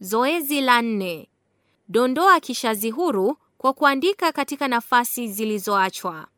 Zoezi la nne: dondoa kishazi huru kwa kuandika katika nafasi zilizoachwa.